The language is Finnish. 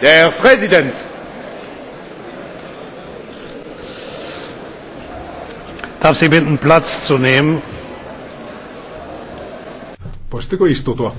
Der Präsident. Darf Sie bitten, Platz zu nehmen? Voisitteko istutua?